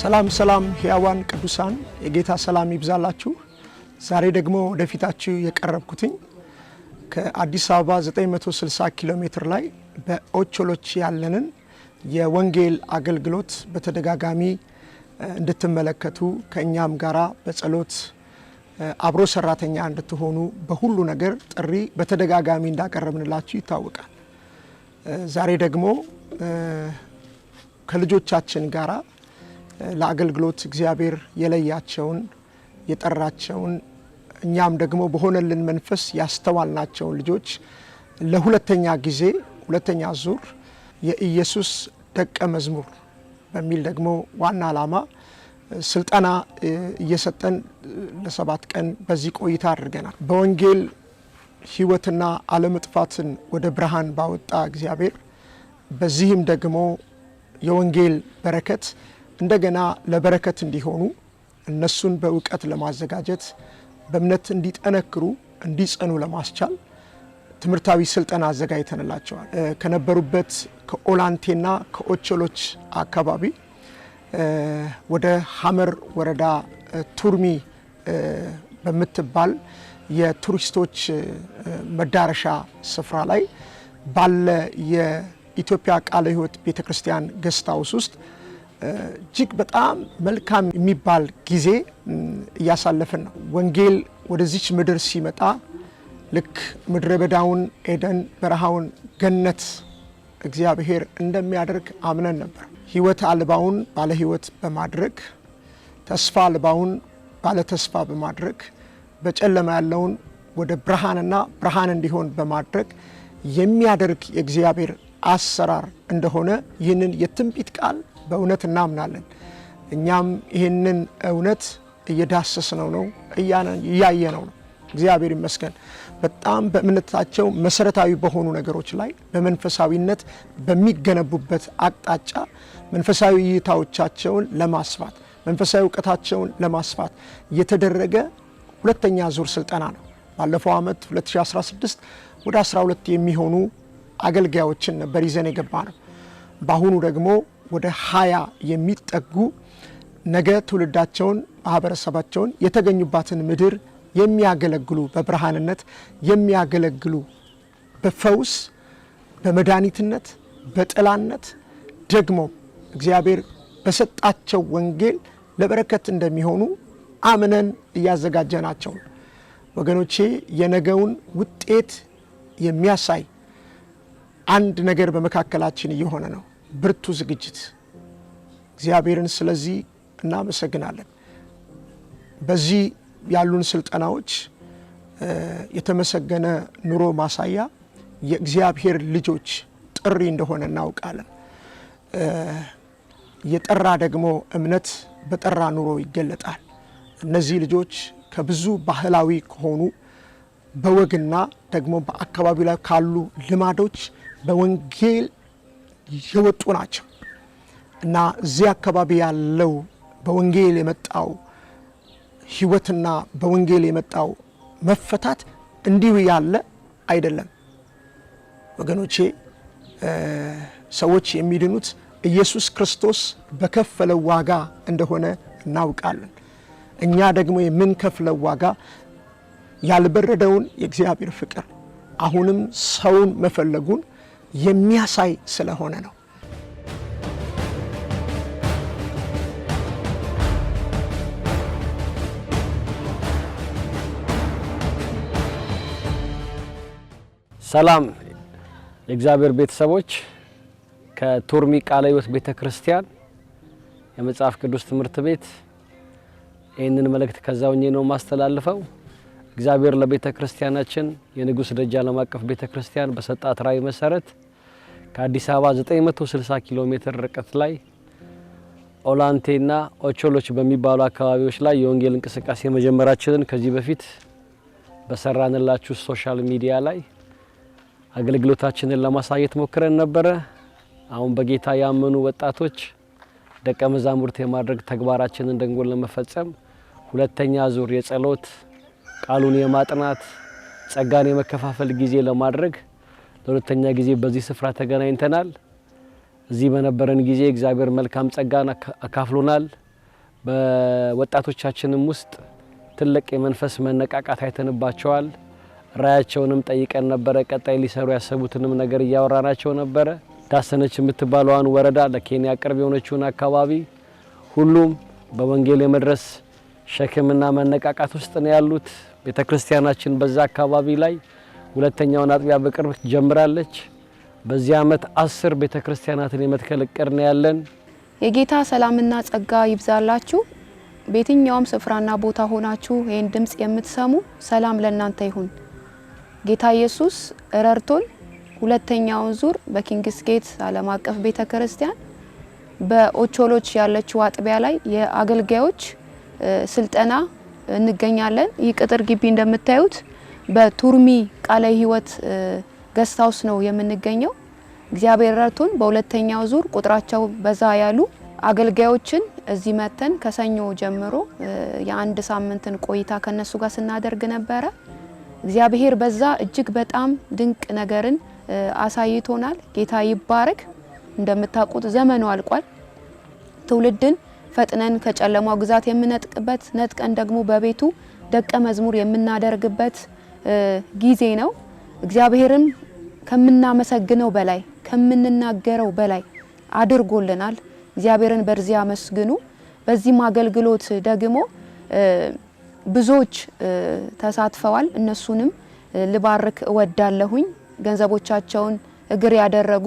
ሰላም ሰላም ሕያዋን ቅዱሳን የጌታ ሰላም ይብዛላችሁ። ዛሬ ደግሞ ወደፊታችሁ የቀረብኩትኝ ከአዲስ አበባ 960 ኪሎ ሜትር ላይ በኦቾሎች ያለንን የወንጌል አገልግሎት በተደጋጋሚ እንድትመለከቱ ከእኛም ጋራ በጸሎት አብሮ ሰራተኛ እንድትሆኑ በሁሉ ነገር ጥሪ በተደጋጋሚ እንዳቀረብንላችሁ ይታወቃል። ዛሬ ደግሞ ከልጆቻችን ጋራ ለአገልግሎት እግዚአብሔር የለያቸውን የጠራቸውን እኛም ደግሞ በሆነልን መንፈስ ያስተዋልናቸውን ልጆች ለሁለተኛ ጊዜ ሁለተኛ ዙር የኢየሱስ ደቀ መዝሙር በሚል ደግሞ ዋና ዓላማ ስልጠና እየሰጠን ለሰባት ቀን በዚህ ቆይታ አድርገናል። በወንጌል ሕይወትና አለመጥፋትን ወደ ብርሃን ባወጣ እግዚአብሔር በዚህም ደግሞ የወንጌል በረከት እንደገና ለበረከት እንዲሆኑ እነሱን በእውቀት ለማዘጋጀት በእምነት እንዲጠነክሩ እንዲጸኑ ለማስቻል ትምህርታዊ ስልጠና አዘጋጅተንላቸዋል። ከነበሩበት ከኦላንቴና ከኦቸሎች አካባቢ ወደ ሀመር ወረዳ ቱርሚ በምትባል የቱሪስቶች መዳረሻ ስፍራ ላይ ባለ የኢትዮጵያ ቃለ ሕይወት ቤተ ክርስቲያን ገስት ውስጥ እጅግ በጣም መልካም የሚባል ጊዜ እያሳለፍን ነው። ወንጌል ወደዚች ምድር ሲመጣ ልክ ምድረ በዳውን ኤደን፣ በረሃውን ገነት እግዚአብሔር እንደሚያደርግ አምነን ነበር። ሕይወት አልባውን ባለ ሕይወት በማድረግ ተስፋ አልባውን ባለ ተስፋ በማድረግ በጨለማ ያለውን ወደ ብርሃንና ብርሃን እንዲሆን በማድረግ የሚያደርግ የእግዚአብሔር አሰራር እንደሆነ ይህንን የትንቢት ቃል በእውነት እናምናለን። እኛም ይህንን እውነት እየዳሰስነው ነው፣ እያየነው ነው። እግዚአብሔር ይመስገን። በጣም በእምነታቸው መሰረታዊ በሆኑ ነገሮች ላይ በመንፈሳዊነት በሚገነቡበት አቅጣጫ መንፈሳዊ እይታዎቻቸውን ለማስፋት መንፈሳዊ እውቀታቸውን ለማስፋት የተደረገ ሁለተኛ ዙር ስልጠና ነው። ባለፈው ዓመት 2016 ወደ 12 የሚሆኑ አገልጋዮችን ነበር ይዘን የገባ ነው። በአሁኑ ደግሞ ወደ ሀያ የሚጠጉ ነገ ትውልዳቸውን ማህበረሰባቸውን የተገኙባትን ምድር የሚያገለግሉ በብርሃንነት የሚያገለግሉ በፈውስ በመድኃኒትነት በጥላነት ደግሞ እግዚአብሔር በሰጣቸው ወንጌል ለበረከት እንደሚሆኑ አምነን እያዘጋጀናቸው ነው። ወገኖቼ የነገውን ውጤት የሚያሳይ አንድ ነገር በመካከላችን እየሆነ ነው። ብርቱ ዝግጅት እግዚአብሔርን ስለዚህ እናመሰግናለን። በዚህ ያሉን ስልጠናዎች የተመሰገነ ኑሮ ማሳያ የእግዚአብሔር ልጆች ጥሪ እንደሆነ እናውቃለን። የጠራ ደግሞ እምነት በጠራ ኑሮ ይገለጣል። እነዚህ ልጆች ከብዙ ባህላዊ ከሆኑ በወግና ደግሞ በአካባቢው ላይ ካሉ ልማዶች በወንጌል የወጡ ናቸው እና እዚህ አካባቢ ያለው በወንጌል የመጣው ህይወትና በወንጌል የመጣው መፈታት እንዲሁ ያለ አይደለም ወገኖቼ። ሰዎች የሚድኑት ኢየሱስ ክርስቶስ በከፈለው ዋጋ እንደሆነ እናውቃለን። እኛ ደግሞ የምንከፍለው ዋጋ ያልበረደውን የእግዚአብሔር ፍቅር አሁንም ሰውን መፈለጉን የሚያሳይ ስለሆነ ነው። ሰላም የእግዚአብሔር ቤተሰቦች ከቶርሚ ቃለ ሕይወት ቤተ ክርስቲያን የመጽሐፍ ቅዱስ ትምህርት ቤት ይህንን መልእክት ከዛውኜ ነው የማስተላልፈው። እግዚአብሔር ለቤተ ክርስቲያናችን የንጉሥ ደጅ ዓለም አቀፍ ቤተ ክርስቲያን በሰጣት ራዕይ መሰረት ከአዲስ አበባ 960 ኪሎ ሜትር ርቀት ላይ ኦላንቴና ኦቾሎች በሚባሉ አካባቢዎች ላይ የወንጌል እንቅስቃሴ መጀመራችንን ከዚህ በፊት በሰራንላችሁ ሶሻል ሚዲያ ላይ አገልግሎታችንን ለማሳየት ሞክረን ነበረ። አሁን በጌታ ያመኑ ወጣቶች ደቀ መዛሙርት የማድረግ ተግባራችንን ደንጎን ለመፈጸም ሁለተኛ ዙር የጸሎት ቃሉን የማጥናት ጸጋን የመከፋፈል ጊዜ ለማድረግ ለሁለተኛ ጊዜ በዚህ ስፍራ ተገናኝተናል። እዚህ በነበረን ጊዜ እግዚአብሔር መልካም ጸጋን አካፍሎናል። በወጣቶቻችንም ውስጥ ትልቅ የመንፈስ መነቃቃት አይተንባቸዋል። ራያቸውንም ጠይቀን ነበረ። ቀጣይ ሊሰሩ ያሰቡትንም ነገር እያወራናቸው ነበረ። ዳሰነች የምትባለዋን ወረዳ ለኬንያ ቅርብ የሆነችውን አካባቢ ሁሉም በወንጌል የመድረስ ሸክምና መነቃቃት ውስጥ ነው ያሉት። ቤተ ክርስቲያናችን በዛ አካባቢ ላይ ሁለተኛውን አጥቢያ በቅርብ ጀምራለች። በዚህ አመት አስር ቤተ ክርስቲያናትን የመትከል እቅድ ነው ያለን። የጌታ ሰላምና ጸጋ ይብዛላችሁ። በየትኛውም ስፍራና ቦታ ሆናችሁ ይህን ድምፅ የምትሰሙ ሰላም ለእናንተ ይሁን። ጌታ ኢየሱስ ረድቶን ሁለተኛውን ዙር በኪንግስ ጌት ዓለም አቀፍ ቤተ ክርስቲያን በኦቾሎች ያለችው አጥቢያ ላይ የአገልጋዮች ስልጠና እንገኛለን። ይህ ቅጥር ግቢ እንደምታዩት በቱርሚ ቃለ ሕይወት ገስታውስ ነው የምንገኘው። እግዚአብሔር ረድቶን በሁለተኛው ዙር ቁጥራቸው በዛ ያሉ አገልጋዮችን እዚህ መተን ከሰኞ ጀምሮ የአንድ ሳምንትን ቆይታ ከነሱ ጋር ስናደርግ ነበረ። እግዚአብሔር በዛ እጅግ በጣም ድንቅ ነገርን አሳይቶናል። ጌታ ይባረክ። እንደምታውቁት ዘመኑ አልቋል። ትውልድን ፈጥነን ከጨለማው ግዛት የምነጥቅበት ነጥቀን ደግሞ በቤቱ ደቀ መዝሙር የምናደርግበት ጊዜ ነው። እግዚአብሔርም ከምናመሰግነው በላይ ከምንናገረው በላይ አድርጎልናል። እግዚአብሔርን በዚህ አመስግኑ። በዚህም አገልግሎት ደግሞ ብዙዎች ተሳትፈዋል። እነሱንም ልባርክ እወዳለሁኝ። ገንዘቦቻቸውን እግር ያደረጉ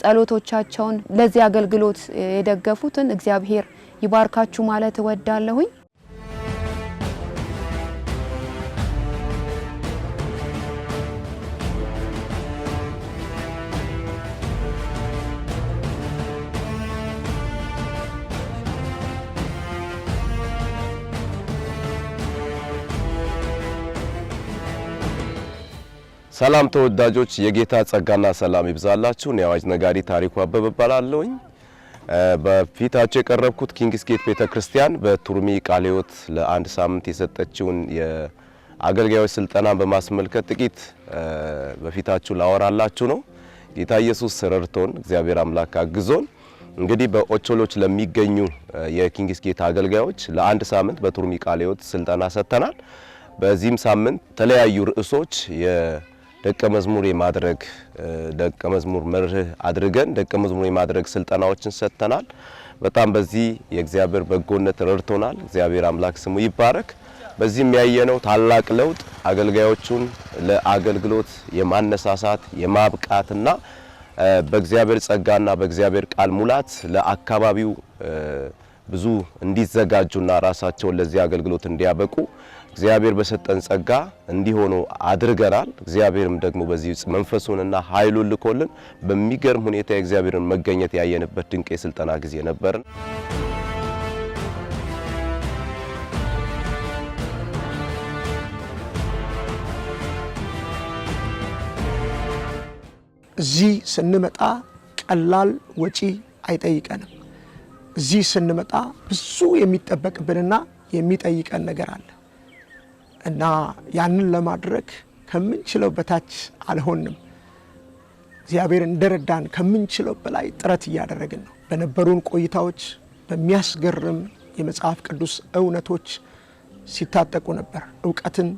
ጸሎቶቻቸውን ለዚህ አገልግሎት የደገፉትን እግዚአብሔር ይባርካችሁ ማለት እወዳለሁኝ። ሰላም ተወዳጆች፣ የጌታ ጸጋና ሰላም ይብዛላችሁ። እኔ አዋጅ ነጋሪ ታሪኩ አበበ እባላለሁኝ። በፊታቸው የቀረብኩት ኪንግስጌት ጌት ቤተክርስቲያን በቱርሚ ቃለ ሕይወት ለአንድ ሳምንት የሰጠችውን የአገልጋዮች ስልጠናን በማስመልከት ጥቂት በፊታችሁ ላወራላችሁ ነው። ጌታ ኢየሱስ ረድቶን እግዚአብሔር አምላክ አግዞን እንግዲህ በኦቾሎች ለሚገኙ የኪንግስ ጌት አገልጋዮች ለአንድ ሳምንት በቱርሚ ቃለ ሕይወት ስልጠና ሰጥተናል። በዚህም ሳምንት የተለያዩ ርዕሶች ደቀ መዝሙር የማድረግ ደቀ መዝሙር መርህ አድርገን ደቀ መዝሙር የማድረግ ስልጠናዎችን ሰጥተናል። በጣም በዚህ የእግዚአብሔር በጎነት ረድቶናል። እግዚአብሔር አምላክ ስሙ ይባረክ። በዚህም ያየነው ታላቅ ለውጥ አገልጋዮቹን ለአገልግሎት የማነሳሳት የማብቃትና በእግዚአብሔር ጸጋና በእግዚአብሔር ቃል ሙላት ለአካባቢው ብዙ እንዲዘጋጁና ራሳቸውን ለዚህ አገልግሎት እንዲያበቁ እግዚአብሔር በሰጠን ጸጋ እንዲሆኑ አድርገናል። እግዚአብሔርም ደግሞ በዚህ መንፈሱንና ኃይሉን ልኮልን በሚገርም ሁኔታ የእግዚአብሔርን መገኘት ያየንበት ድንቅ የስልጠና ጊዜ ነበርን። እዚህ ስንመጣ ቀላል ወጪ አይጠይቀንም። እዚህ ስንመጣ ብዙ የሚጠበቅብንና የሚጠይቀን ነገር አለ። እና ያንን ለማድረግ ከምንችለው በታች አልሆንም። እግዚአብሔር እንደረዳን ከምንችለው በላይ ጥረት እያደረግን ነው። በነበሩን ቆይታዎች በሚያስገርም የመጽሐፍ ቅዱስ እውነቶች ሲታጠቁ ነበር፣ እውቀትን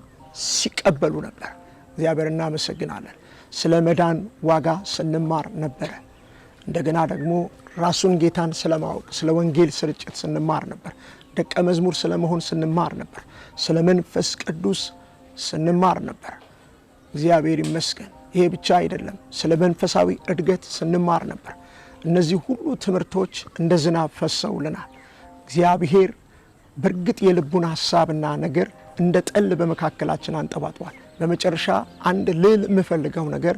ሲቀበሉ ነበር። እግዚአብሔር እናመሰግናለን። ስለ መዳን ዋጋ ስንማር ነበረ። እንደገና ደግሞ ራሱን ጌታን ስለማወቅ ስለ ወንጌል ስርጭት ስንማር ነበር። ደቀ መዝሙር ስለመሆን ስንማር ነበር። ስለ መንፈስ ቅዱስ ስንማር ነበር። እግዚአብሔር ይመስገን። ይሄ ብቻ አይደለም፣ ስለ መንፈሳዊ እድገት ስንማር ነበር። እነዚህ ሁሉ ትምህርቶች እንደ ዝናብ ፈሰውልናል። እግዚአብሔር በእርግጥ የልቡን ሐሳብና ነገር እንደ ጠል በመካከላችን አንጠባጥቧል። በመጨረሻ አንድ ልል የምፈልገው ነገር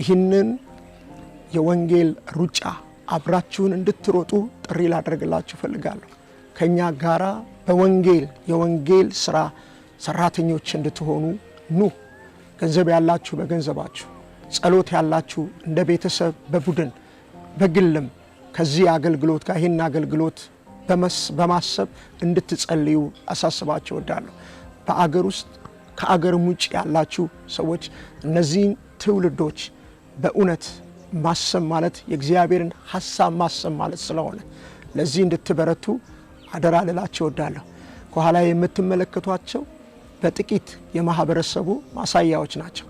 ይህንን የወንጌል ሩጫ አብራችሁን እንድትሮጡ ጥሪ ላደርግላችሁ እፈልጋለሁ። ከእኛ ጋራ በወንጌል የወንጌል ስራ ሰራተኞች እንድትሆኑ ኑ። ገንዘብ ያላችሁ በገንዘባችሁ፣ ጸሎት ያላችሁ እንደ ቤተሰብ በቡድን በግልም ከዚህ አገልግሎት ጋር ይህን አገልግሎት በማሰብ እንድትጸልዩ አሳስባችሁ እወዳለሁ። በአገር ውስጥ ከአገርም ውጭ ያላችሁ ሰዎች እነዚህን ትውልዶች በእውነት ማሰብ ማለት የእግዚአብሔርን ሀሳብ ማሰብ ማለት ስለሆነ ለዚህ እንድትበረቱ አደራ ልላችሁ እወዳለሁ። ከኋላ የምትመለከቷቸው በጥቂት የማህበረሰቡ ማሳያዎች ናቸው።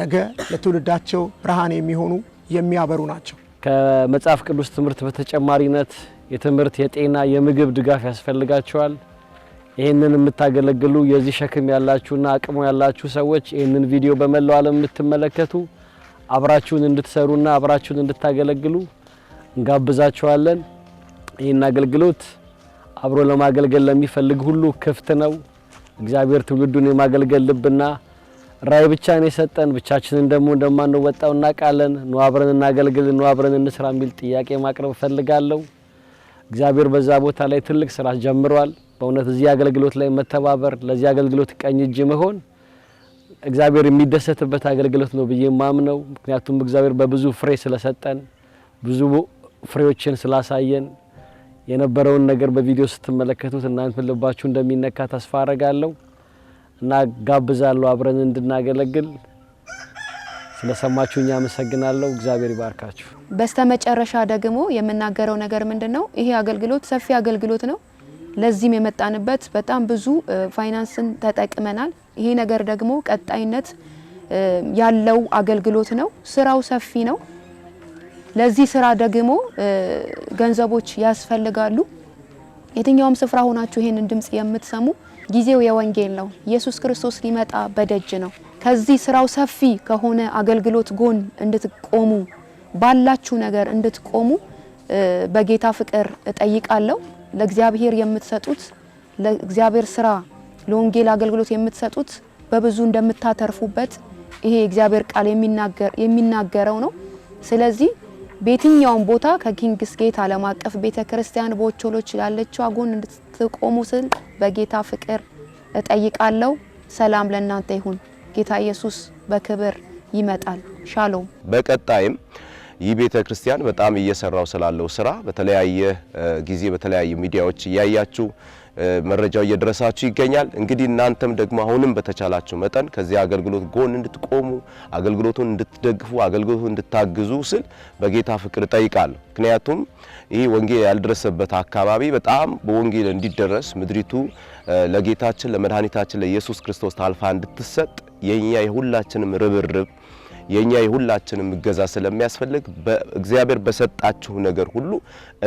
ነገ ለትውልዳቸው ብርሃን የሚሆኑ የሚያበሩ ናቸው። ከመጽሐፍ ቅዱስ ትምህርት በተጨማሪነት የትምህርት፣ የጤና፣ የምግብ ድጋፍ ያስፈልጋቸዋል። ይህንን የምታገለግሉ የዚህ ሸክም ያላችሁና አቅሙ ያላችሁ ሰዎች ይህንን ቪዲዮ በመላው ዓለም የምትመለከቱ አብራችሁን እንድትሰሩና አብራችሁን እንድታገለግሉ እንጋብዛችኋለን። ይህን አገልግሎት አብሮ ለማገልገል ለሚፈልግ ሁሉ ክፍት ነው። እግዚአብሔር ትውልዱን የማገልገል ልብና ራዕይ ብቻ ነው የሰጠን። ብቻችንን ደግሞ እንደማንወጣው እናውቃለን። ኑ አብረን እናገልግል፣ ኑ አብረን እንስራ የሚል ጥያቄ ማቅረብ እፈልጋለሁ። እግዚአብሔር በዛ ቦታ ላይ ትልቅ ስራ ጀምሯል። በእውነት እዚህ አገልግሎት ላይ መተባበር፣ ለዚህ አገልግሎት ቀኝ እጅ መሆን እግዚአብሔር የሚደሰትበት አገልግሎት ነው ብዬ ማምነው። ምክንያቱም እግዚአብሔር በብዙ ፍሬ ስለሰጠን ብዙ ፍሬዎችን ስላሳየን የነበረውን ነገር በቪዲዮ ስትመለከቱት እናንተ ልባችሁ እንደሚነካ ተስፋ አረጋለሁ እና ጋብዛለሁ አብረን እንድናገለግል። ስለሰማችሁኝ አመሰግናለሁ። እግዚአብሔር ይባርካችሁ። በስተመጨረሻ ደግሞ የምናገረው ነገር ምንድነው? ይሄ አገልግሎት ሰፊ አገልግሎት ነው። ለዚህም የመጣንበት በጣም ብዙ ፋይናንስን ተጠቅመናል። ይሄ ነገር ደግሞ ቀጣይነት ያለው አገልግሎት ነው። ስራው ሰፊ ነው። ለዚህ ስራ ደግሞ ገንዘቦች ያስፈልጋሉ። የትኛውም ስፍራ ሆናችሁ ይሄንን ድምጽ የምትሰሙ ጊዜው የወንጌል ነው። ኢየሱስ ክርስቶስ ሊመጣ በደጅ ነው። ከዚህ ስራው ሰፊ ከሆነ አገልግሎት ጎን እንድትቆሙ ባላችሁ ነገር እንድትቆሙ በጌታ ፍቅር እጠይቃለሁ። ለእግዚአብሔር የምትሰጡት ለእግዚአብሔር ስራ ለወንጌል አገልግሎት የምትሰጡት በብዙ እንደምታተርፉበት ይሄ እግዚአብሔር ቃል የሚናገረው ነው። ስለዚህ በየትኛውም ቦታ ከኪንግስ ጌት ዓለም አቀፍ ቤተ ክርስቲያን በኦቾሎች ላለችዋ ጎን እንድትቆሙ ስል በጌታ ፍቅር እጠይቃለሁ። ሰላም ለእናንተ ይሁን። ጌታ ኢየሱስ በክብር ይመጣል። ሻሎም። በቀጣይም ይህ ቤተ ክርስቲያን በጣም እየሰራው ስላለው ስራ በተለያየ ጊዜ በተለያዩ ሚዲያዎች እያያችሁ መረጃው እየደረሳችሁ ይገኛል። እንግዲህ እናንተም ደግሞ አሁንም በተቻላችሁ መጠን ከዚህ አገልግሎት ጎን እንድትቆሙ፣ አገልግሎቱን እንድትደግፉ፣ አገልግሎቱን እንድታግዙ ስል በጌታ ፍቅር እጠይቃለሁ። ምክንያቱም ይህ ወንጌል ያልደረሰበት አካባቢ በጣም በወንጌል እንዲደረስ ምድሪቱ ለጌታችን ለመድኃኒታችን ለኢየሱስ ክርስቶስ ታልፋ እንድትሰጥ የእኛ የሁላችንም ርብርብ የኛ የሁላችንም እገዛ ስለሚያስፈልግ እግዚአብሔር በሰጣችሁ ነገር ሁሉ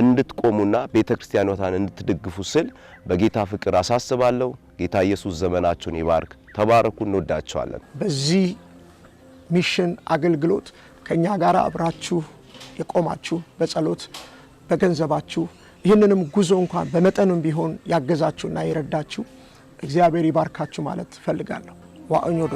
እንድትቆሙና ቤተ ክርስቲያኖታን እንድትደግፉ ስል በጌታ ፍቅር አሳስባለሁ። ጌታ ኢየሱስ ዘመናችሁን ይባርክ። ተባረኩ። እንወዳቸዋለን። በዚህ ሚሽን አገልግሎት ከእኛ ጋር አብራችሁ የቆማችሁ በጸሎት በገንዘባችሁ ይህንንም ጉዞ እንኳን በመጠኑም ቢሆን ያገዛችሁና የረዳችሁ እግዚአብሔር ይባርካችሁ ማለት ፈልጋለሁ። ዋእኞዶ